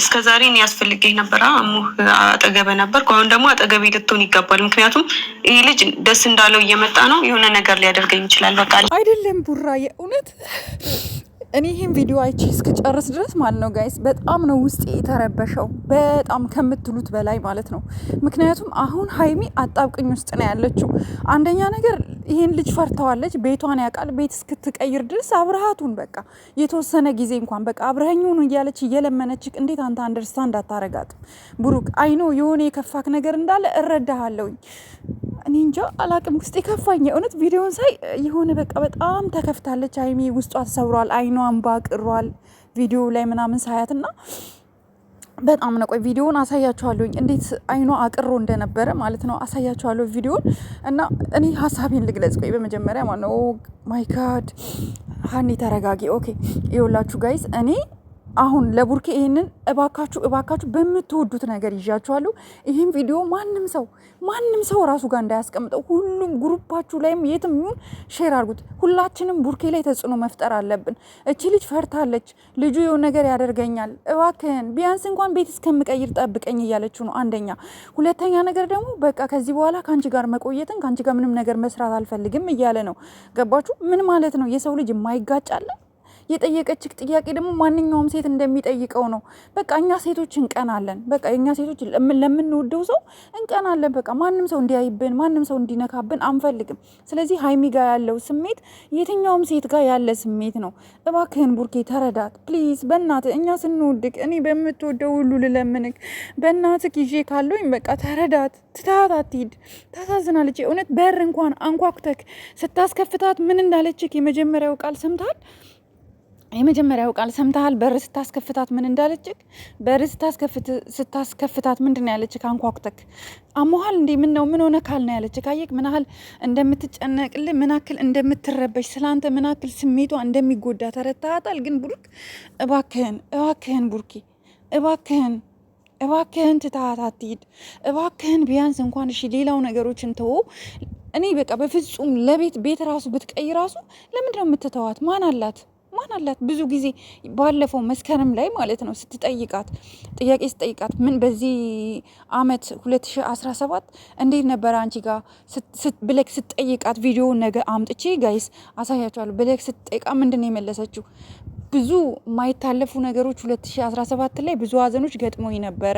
እስከ ዛሬ እኔ ያስፈልገኝ ነበረ እሙህ አጠገበ ነበር። አሁን ደግሞ አጠገቤ ልትሆን ይገባል። ምክንያቱም ይህ ልጅ ደስ እንዳለው እየመጣ ነው፣ የሆነ ነገር ሊያደርገኝ ይችላል። በቃ አይደለም ቡራ፣ የእውነት እኔ ይህን ቪዲዮ አይቼ እስክጨርስ ድረስ ማለት ነው ጋይስ፣ በጣም ነው ውስጤ የተረበሸው፣ በጣም ከምትሉት በላይ ማለት ነው። ምክንያቱም አሁን ሀይሚ አጣብቅኝ ውስጥ ነው ያለችው። አንደኛ ነገር ይህን ልጅ ፈርተዋለች። ቤቷን ያውቃል። ቤት እስክትቀይር ድረስ አብረሃቱን በቃ የተወሰነ ጊዜ እንኳን በቃ አብረኸኙን እያለች እየለመነችክ እንዴት አንተ አንደርስታንድ አታረጋትም? ብሩክ አይኖ የሆነ የከፋክ ነገር እንዳለ እረዳሃለውኝ። እኔ እንጃ አላቅም፣ ውስጥ የከፋኝ እውነት ቪዲዮን ሳይ የሆነ በቃ በጣም ተከፍታለች። አይሜ ውስጧ ተሰብሯል። አይኗ እንባ ቅሯል ቪዲዮ ላይ ምናምን ሳያትና በጣም ነው። ቆይ ቪዲዮውን አሳያችኋለሁኝ እንዴት አይኗ አቅሮ እንደነበረ ማለት ነው። አሳያችኋለሁ ቪዲዮውን እና እኔ ሀሳቤን ልግለጽ። ቆይ በመጀመሪያ ማነው ማይ ጋድ ሀኒ ተረጋጊ። ኦኬ ይኸውላችሁ ጋይስ እኔ አሁን ለቡርኬ ይህንን እባካችሁ እባካችሁ በምትወዱት ነገር ይዣችኋለሁ። ይህም ቪዲዮ ማንም ሰው ማንም ሰው ራሱ ጋር እንዳያስቀምጠው ሁሉም ግሩፓችሁ ላይም የትም ይሁን ሼር አርጉት። ሁላችንም ቡርኬ ላይ ተጽዕኖ መፍጠር አለብን። እቺ ልጅ ፈርታለች። ልጁ የው ነገር ያደርገኛል፣ እባክህን ቢያንስ እንኳን ቤት እስከምቀይር ጠብቀኝ እያለችው ነው። አንደኛ። ሁለተኛ ነገር ደግሞ በቃ ከዚህ በኋላ ከአንቺ ጋር መቆየትን ከአንቺ ጋር ምንም ነገር መስራት አልፈልግም እያለ ነው። ገባችሁ? ምን ማለት ነው? የሰው ልጅ የማይጋጫለን የጠየቀችክ ጥያቄ ደግሞ ማንኛውም ሴት እንደሚጠይቀው ነው። በቃ እኛ ሴቶች እንቀናለን። በቃ እኛ ሴቶች ለምንወደው ሰው እንቀናለን። በቃ ማንም ሰው እንዲያይብን፣ ማንም ሰው እንዲነካብን አንፈልግም። ስለዚህ ሀይሚ ጋር ያለው ስሜት የትኛውም ሴት ጋር ያለ ስሜት ነው። እባክህን ቡርኬ ተረዳት ፕሊዝ፣ በእናትህ እኛ ስንወድቅ፣ እኔ በምትወደው ሁሉ ልለምንክ፣ በእናትህ ይዤ ካለኝ በቃ ተረዳት። ትታት አትሂድ። ታሳዝናለች የእውነት በር እንኳን አንኳኩተክ ስታስከፍታት ምን እንዳለችክ የመጀመሪያው ቃል ሰምታል። የመጀመሪያው ቃል ሰምተሃል? በር ስታስከፍታት ምን እንዳለችክ? በር ስታስከፍታት ምንድን ነው ያለችክ? አንኳኩተክ አሞሃል እንዴ? ምን ነው ምን ሆነ ካል ነው ያለችክ? አየክ ምን ያህል እንደምትጨነቅል፣ ምን ያክል እንደምትረበሽ፣ ስላንተ ምን ያክል ስሜቷ እንደሚጎዳ ተረታታል። ግን ቡርክ እባክህን፣ እባክህን ቡርኪ፣ እባክህን እባክህን ትታት አትሂድ። እባክህን ቢያንስ እንኳን እሺ፣ ሌላው ነገሮችን ተወው። እኔ በቃ በፍጹም ለቤት ቤት ራሱ ብትቀይ ራሱ ለምንድነው የምትተዋት? ማን አላት? ማን አላት? ብዙ ጊዜ ባለፈው መስከረም ላይ ማለት ነው ስትጠይቃት ጥያቄ ስትጠይቃት ምን በዚህ አመት 2017 እንዴት ነበረ አንቺ ጋር ብለክ ስትጠይቃት ቪዲዮ ነገ አምጥቼ ጋይስ አሳያቸዋለሁ ብለክ ስትጠይቃ ምንድን ነው የመለሰችው? ብዙ የማይታለፉ ነገሮች 2017 ላይ ብዙ ሀዘኖች ገጥሞኝ ነበረ።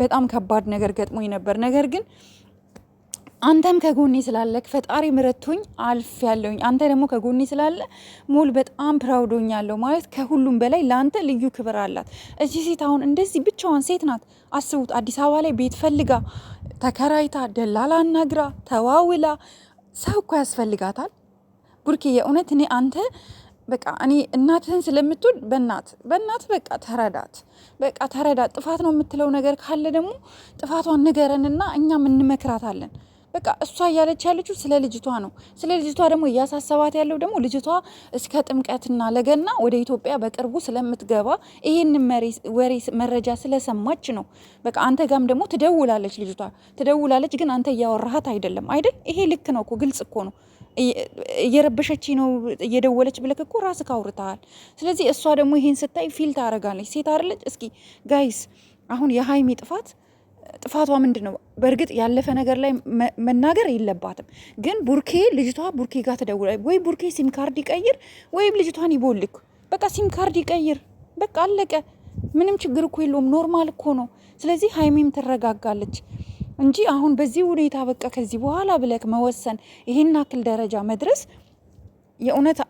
በጣም ከባድ ነገር ገጥሞኝ ነበር። ነገር ግን አንተም ከጎኔ ስላለክ ፈጣሪ ምረቱኝ አልፍ ያለውኝ አንተ ደግሞ ከጎኔ ስላለ ሞል በጣም ፕራውዶኛለሁ። ማለት ከሁሉም በላይ ለአንተ ልዩ ክብር አላት። እቺ ሴት አሁን እንደዚህ ብቻዋን ሴት ናት። አስቡት፣ አዲስ አበባ ላይ ቤት ፈልጋ ተከራይታ ደላላ አናግራ ተዋውላ ሰው እኮ ያስፈልጋታል። ቡርኬ የእውነት እኔ አንተ በቃ እኔ እናትህን ስለምትወድ በእናት በእናት በቃ ተረዳት፣ በቃ ተረዳት። ጥፋት ነው የምትለው ነገር ካለ ደግሞ ጥፋቷን ንገረንና እኛም እንመክራታለን። በቃ እሷ እያለች ያለችው ስለ ልጅቷ ነው። ስለ ልጅቷ ደግሞ እያሳሰባት ያለው ደግሞ ልጅቷ እስከ ጥምቀትና ለገና ወደ ኢትዮጵያ በቅርቡ ስለምትገባ ይህን ወሬ መረጃ ስለሰማች ነው። በቃ አንተ ጋም ደግሞ ትደውላለች፣ ልጅቷ ትደውላለች። ግን አንተ እያወራሃት አይደለም አይደል? ይሄ ልክ ነው እኮ ግልጽ እኮ ነው። እየረበሸች ነው እየደወለች ብለክ እኮ ራስ ካውርተሃል። ስለዚህ እሷ ደግሞ ይህን ስታይ ፊል ታደርጋለች። ሴት አይደለች? እስኪ ጋይስ አሁን የሀይሚ ጥፋት ጥፋቷ ምንድን ነው? በእርግጥ ያለፈ ነገር ላይ መናገር የለባትም ግን ቡርኬ ልጅቷ ቡርኬ ጋር ተደውላ ወይ ቡርኬ ሲም ካርድ ይቀይር ወይም ልጅቷን ይቦልክ። በቃ ሲም ካርድ ይቀይር፣ በቃ አለቀ። ምንም ችግር እኮ የለውም፣ ኖርማል እኮ ነው። ስለዚህ ሀይሜም ትረጋጋለች እንጂ አሁን በዚህ ሁኔታ በቃ ከዚህ በኋላ ብለክ መወሰን ይሄን አክል ደረጃ መድረስ የእውነት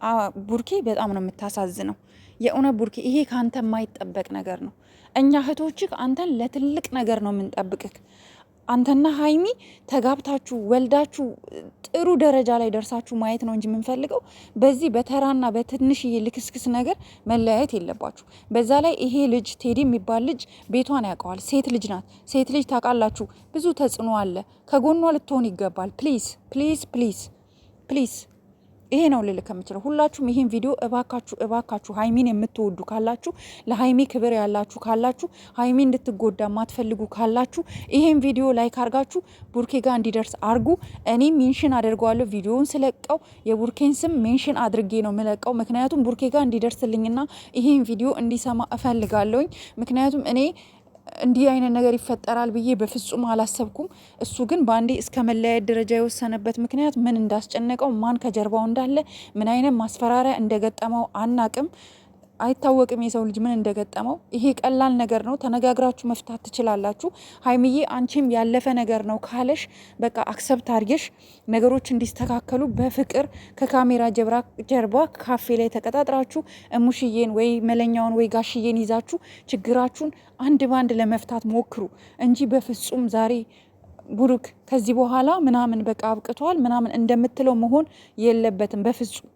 ቡርኬ በጣም ነው የምታሳዝነው። የእውነ ቡርኬ ይሄ ከአንተ የማይጠበቅ ነገር ነው። እኛ እህቶች አንተን ለትልቅ ነገር ነው የምንጠብቅህ። አንተና ሀይሚ ተጋብታችሁ ወልዳችሁ ጥሩ ደረጃ ላይ ደርሳችሁ ማየት ነው እንጂ የምንፈልገው በዚህ በተራና በትንሽዬ ልክስክስ ነገር መለያየት የለባችሁ። በዛ ላይ ይሄ ልጅ ቴዲ የሚባል ልጅ ቤቷን ያውቀዋል። ሴት ልጅ ናት። ሴት ልጅ ታውቃላችሁ፣ ብዙ ተጽዕኖ አለ። ከጎኗ ልትሆን ይገባል። ፕሊዝ ፕሊዝ ፕሊዝ ፕሊዝ ይሄ ነው ልልክ ከምችለው። ሁላችሁም ይህን ቪዲዮ እባካችሁ እባካችሁ ሀይሚን የምትወዱ ካላችሁ፣ ለሀይሚ ክብር ያላችሁ ካላችሁ፣ ሀይሚ እንድትጎዳ ማትፈልጉ ካላችሁ ይሄን ቪዲዮ ላይክ አርጋችሁ ቡርኬ ጋር እንዲደርስ አርጉ። እኔ ሜንሽን አደርገዋለሁ። ቪዲዮውን ስለቀው የቡርኬን ስም ሜንሽን አድርጌ ነው ምለቀው። ምክንያቱም ቡርኬ ጋር እንዲደርስልኝና ይሄን ቪዲዮ እንዲሰማ እፈልጋለሁኝ። ምክንያቱም እኔ እንዲህ አይነት ነገር ይፈጠራል ብዬ በፍጹም አላሰብኩም። እሱ ግን በአንዴ እስከ መለያየት ደረጃ የወሰነበት ምክንያት ምን እንዳስጨነቀው፣ ማን ከጀርባው እንዳለ፣ ምን አይነት ማስፈራሪያ እንደገጠመው አናቅም። አይታወቅም የሰው ልጅ ምን እንደገጠመው። ይሄ ቀላል ነገር ነው፣ ተነጋግራችሁ መፍታት ትችላላችሁ። ሀይሚዬ አንቺም ያለፈ ነገር ነው ካለሽ በቃ አክሰብት አርገሽ ነገሮች እንዲስተካከሉ በፍቅር ከካሜራ ጀርባ ካፌ ላይ ተቀጣጥራችሁ እሙሽዬን ወይ መለኛውን ወይ ጋሽዬን ይዛችሁ ችግራችሁን አንድ ባንድ ለመፍታት ሞክሩ እንጂ በፍጹም ዛሬ ቡሩክ ከዚህ በኋላ ምናምን በቃ አብቅቷል ምናምን እንደምትለው መሆን የለበትም። በፍጹም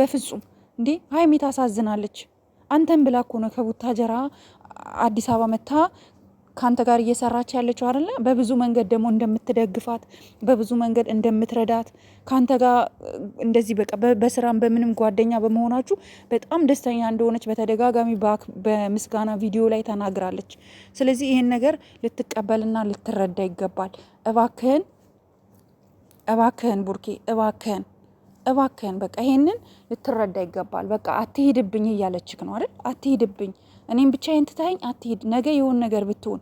በፍጹም። እንዴ ሀይሚ ታሳዝናለች። አንተን ብላ እኮ ነው ከቡታጀራ አዲስ አበባ መታ ከአንተ ጋር እየሰራች ያለችው አይደለ? በብዙ መንገድ ደግሞ እንደምትደግፋት በብዙ መንገድ እንደምትረዳት ከአንተ ጋር እንደዚህ በቃ በስራም በምንም ጓደኛ በመሆናችሁ በጣም ደስተኛ እንደሆነች በተደጋጋሚ በምስጋና ቪዲዮ ላይ ተናግራለች። ስለዚህ ይህን ነገር ልትቀበልና ልትረዳ ይገባል። እባክህን፣ እባክህን ቡርኬ፣ እባክህን እባክህን በቃ ይሄንን ልትረዳ ይገባል። በቃ አትሄድብኝ እያለችክ ነው አይደል? አትሄድብኝ፣ እኔም ብቻዬን ትተኸኝ አትሄድ። ነገ የሆን ነገር ብትሆን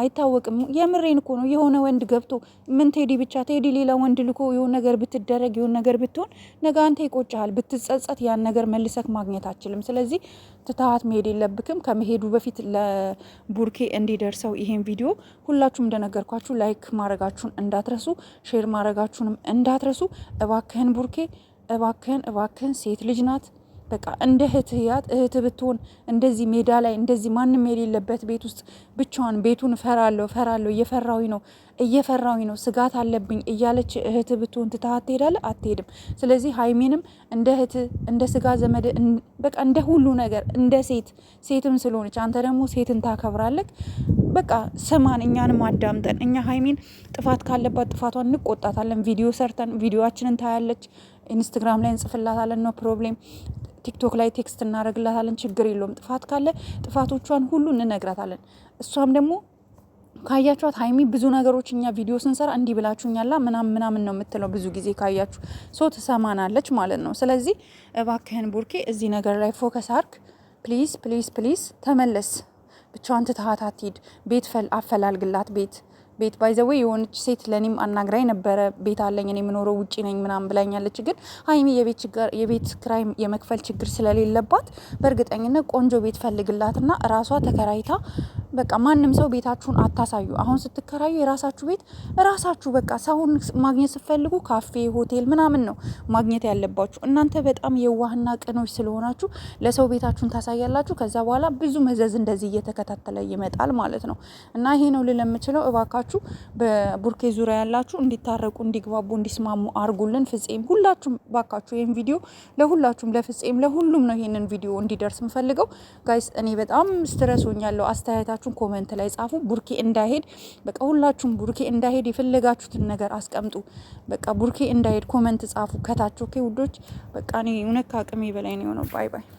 አይታወቅም። የምሬን እኮ ነው። የሆነ ወንድ ገብቶ ምን ቴዲ ብቻ ቴዲ ሌላ ወንድ ልኮ የሆነ ነገር ብትደረግ የሆነ ነገር ብትሆን ነገ አንተ ይቆጭሃል። ብትጸጸት ያን ነገር መልሰክ ማግኘት አችልም። ስለዚህ ትትሀት መሄድ የለብክም። ከመሄዱ በፊት ለቡርኬ እንዲደርሰው ይሄን ቪዲዮ ሁላችሁም እንደነገርኳችሁ ላይክ ማድረጋችሁን እንዳትረሱ፣ ሼር ማድረጋችሁንም እንዳትረሱ። እባክህን ቡርኬ፣ እባክህን፣ እባክህን ሴት ልጅ ናት። በቃ እንደ ያት እህት ብትሆን እንደዚህ ሜዳ ላይ እንደዚህ ማንም የሌለበት ቤት ውስጥ ብቻዋን ቤቱን ፈራለሁ ፈራለሁ እየፈራዊ ነው እየፈራዊ ነው ስጋት አለብኝ እያለች እህት ብትሆን ትታ ትሄዳለ አትሄድም። ስለዚህ ሀይሜንም እንደ እህት እንደ ስጋ ዘመድ በቃ እንደ ሁሉ ነገር እንደ ሴት ሴትም ስለሆነች አንተ ደግሞ ሴትን ታከብራለክ። በቃ ስማን፣ እኛንም አዳምጠን። እኛ ሀይሜን ጥፋት ካለባት ጥፋቷን እንቆጣታለን። ቪዲዮ ሰርተን ቪዲዮችንን ታያለች። ኢንስትግራም ላይ እንጽፍላታለን። ነው ፕሮብሌም ቲክቶክ ላይ ቴክስት እናደርግላታለን። ችግር የለውም ጥፋት ካለ ጥፋቶቿን ሁሉ እንነግራታለን። እሷም ደግሞ ካያችኋት ሀይሚ ብዙ ነገሮች እኛ ቪዲዮ ስንሰራ እንዲህ ብላችሁኛላ ምናምን ምናምን ነው የምትለው። ብዙ ጊዜ ካያችሁ ሶ ትሰማናለች ማለት ነው። ስለዚህ እባክህን ቡርኬ እዚህ ነገር ላይ ፎከስ አርክ። ፕሊዝ ፕሊዝ ፕሊዝ ተመለስ። ብቻዋን ትተሃት አትሂድ። ቤት አፈላልግላት ቤት ቤት ባይዘዌ የሆነች ሴት ለእኔም አናግራኝ ነበረ። ቤት አለኝ እኔ የምኖረው ውጭ ነኝ ምናምን ብላኛለች። ግን ሀይሚ የቤት ክራይ የመክፈል ችግር ስለሌለባት በእርግጠኝነት ቆንጆ ቤት ፈልግላትና ራሷ ተከራይታ በቃ ማንም ሰው ቤታችሁን አታሳዩ። አሁን ስትከራዩ የራሳችሁ ቤት ራሳችሁ በቃ ሰውን ማግኘት ስትፈልጉ ካፌ፣ ሆቴል ምናምን ነው ማግኘት ያለባችሁ። እናንተ በጣም የዋህና ቅኖች ስለሆናችሁ ለሰው ቤታችሁን ታሳያላችሁ። ከዛ በኋላ ብዙ መዘዝ እንደዚህ እየተከታተለ ይመጣል ማለት ነው። እና ይሄ ነው ልል የምችለው። እባካችሁ በቡርኬ ዙሪያ ያላችሁ እንዲታረቁ፣ እንዲግባቡ፣ እንዲስማሙ አርጉልን። ፍፄም ሁላችሁም እባካችሁ ይህን ቪዲዮ ለሁላችሁም ለፍፄም ለሁሉም ነው ይሄንን ቪዲዮ እንዲደርስ ምፈልገው። ጋይስ። እኔ በጣም ስትረስ ሆኛለሁ ሁላችሁም ኮመንት ላይ ጻፉ። ቡርኬ እንዳይሄድ በቃ ሁላችሁም ቡርኬ እንዳይሄድ የፈለጋችሁትን ነገር አስቀምጡ። በቃ ቡርኬ እንዳይሄድ ኮመንት ጻፉ ከታች። ኦኬ ውዶች፣ በቃ እኔ እውነት ከአቅሜ በላይ ነው የሆነው። ባይ ባይ።